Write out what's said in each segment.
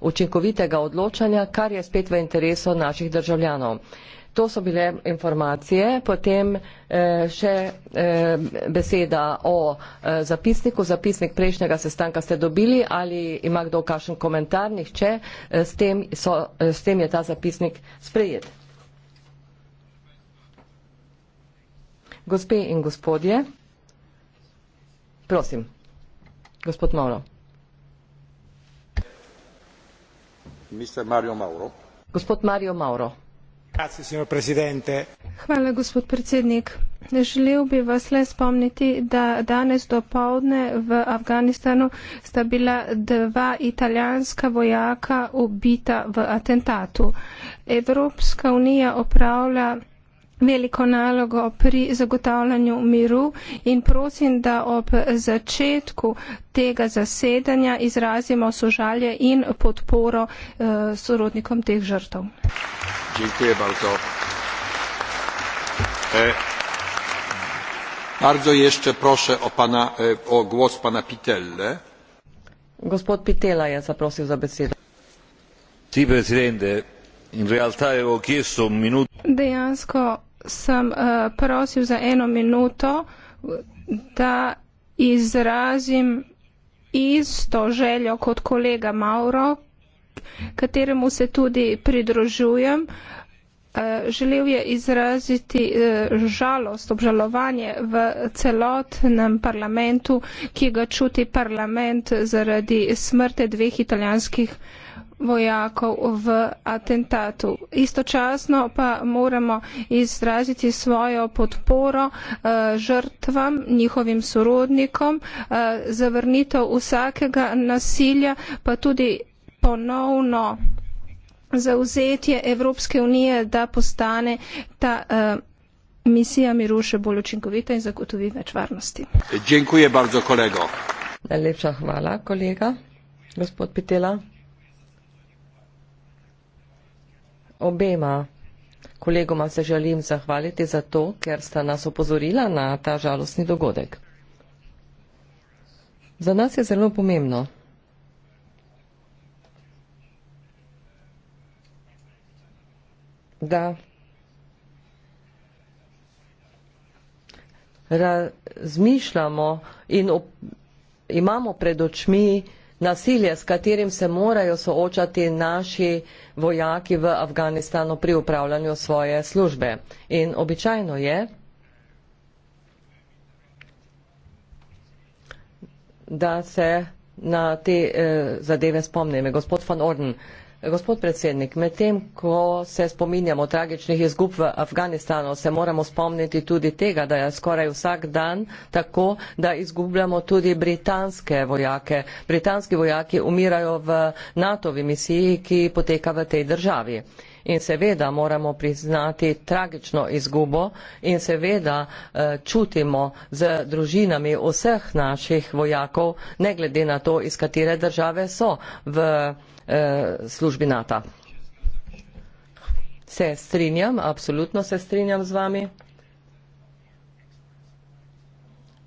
učinkovitega odločanja, kar je spet v interesu naših državljanov. To so bile informacije, potem eh, še eh, beseda o eh, zapisniku. Zapisnik prejšnjega sestanka ste dobili ali ima kdo kakšen komentar, nihče, eh, s, tem so, eh, s tem je ta zapisnik sprejet. Gospe in gospodje, prosim, gospod Molo. Hvala, gospod predsednik. Želel bi vas le spomniti, da danes do povdne v Afganistanu sta bila dva italijanska vojaka ubita v atentatu. Evropska unija opravlja veliko nalogo pri zagotavljanju miru in prosim, da ob začetku tega zasedanja izrazimo sožalje in podporo eh, sorodnikom teh žrtov. E, bardzo jeszcze proszę o, pana, e, o głos pana Pitelle. Gospod Pitela je zaprosil za besedo. Sì, Presidente, in realtà avevo chiesto un minuto. Dejansko sem eh, prosil za eno minuto, da izrazim isto željo kot kolega Mauro, kateremu se tudi pridružujem. Eh, želel je izraziti eh, žalost, obžalovanje v celotnem parlamentu, ki ga čuti parlament zaradi smrte dveh italijanskih vojakov v atentatu. Istočasno pa moramo izraziti svojo podporo uh, žrtvam, njihovim sorodnikom, uh, zavrnitev vsakega nasilja, pa tudi ponovno zauzetje Evropske unije, da postane ta uh, misija miru še bolj učinkovita in zagotovi več varnosti. Najlepša hvala, kolega. Gospod Pitela. obema kolegoma se želim zahvaliti za to, ker sta nas opozorila na ta žalostni dogodek. Za nas je zelo pomembno. da razmišljamo in op, imamo pred očmi nasilje, s katerim se morajo soočati naši vojaki v Afganistanu pri upravljanju svoje službe. In običajno je, da se na te eh, zadeve spomnime. Gospod van Orden, eh, Gospod predsednik, medtem ko se spominjamo tragičnih izgub v Afganistanu, se moramo spomniti tudi tega, da je skoraj vsak dan tako, da izgubljamo tudi britanske vojake. Britanski vojaki umirajo v NATO-vi misiji, ki poteka v tej državi. In seveda moramo priznati tragično izgubo in seveda eh, čutimo z družinami vseh naših vojakov, ne glede na to, iz katere države so. V Eh, službi Nata. Se strinjam, absolutno se strinjam z vami.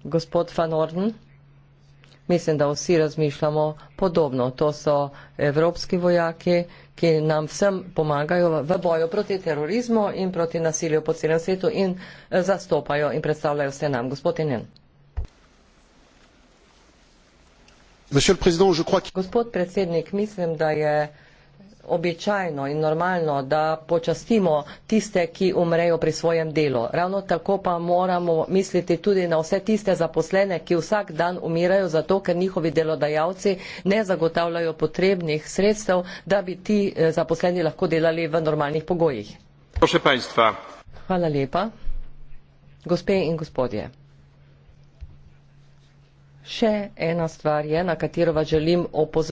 Gospod Van Orden, mislim, da vsi razmišljamo podobno. To so evropski vojaki, ki nam vsem pomagajo v boju proti terorizmu in proti nasilju po celem svetu in eh, zastopajo in predstavljajo vse nam. Gospod Enen. Gospod predsednik, mislim, da je običajno in normalno, da počastimo tiste, ki umrejo pri svojem delu. Ravno tako pa moramo misliti tudi na vse tiste zaposlene, ki vsak dan umirajo zato, ker njihovi delodajalci ne zagotavljajo potrebnih sredstev, da bi ti eh, zaposleni lahko delali v normalnih pogojih. Hvala lepa. Gospe in gospodje. Še ena stvar je, na katero vas želim opozoriti.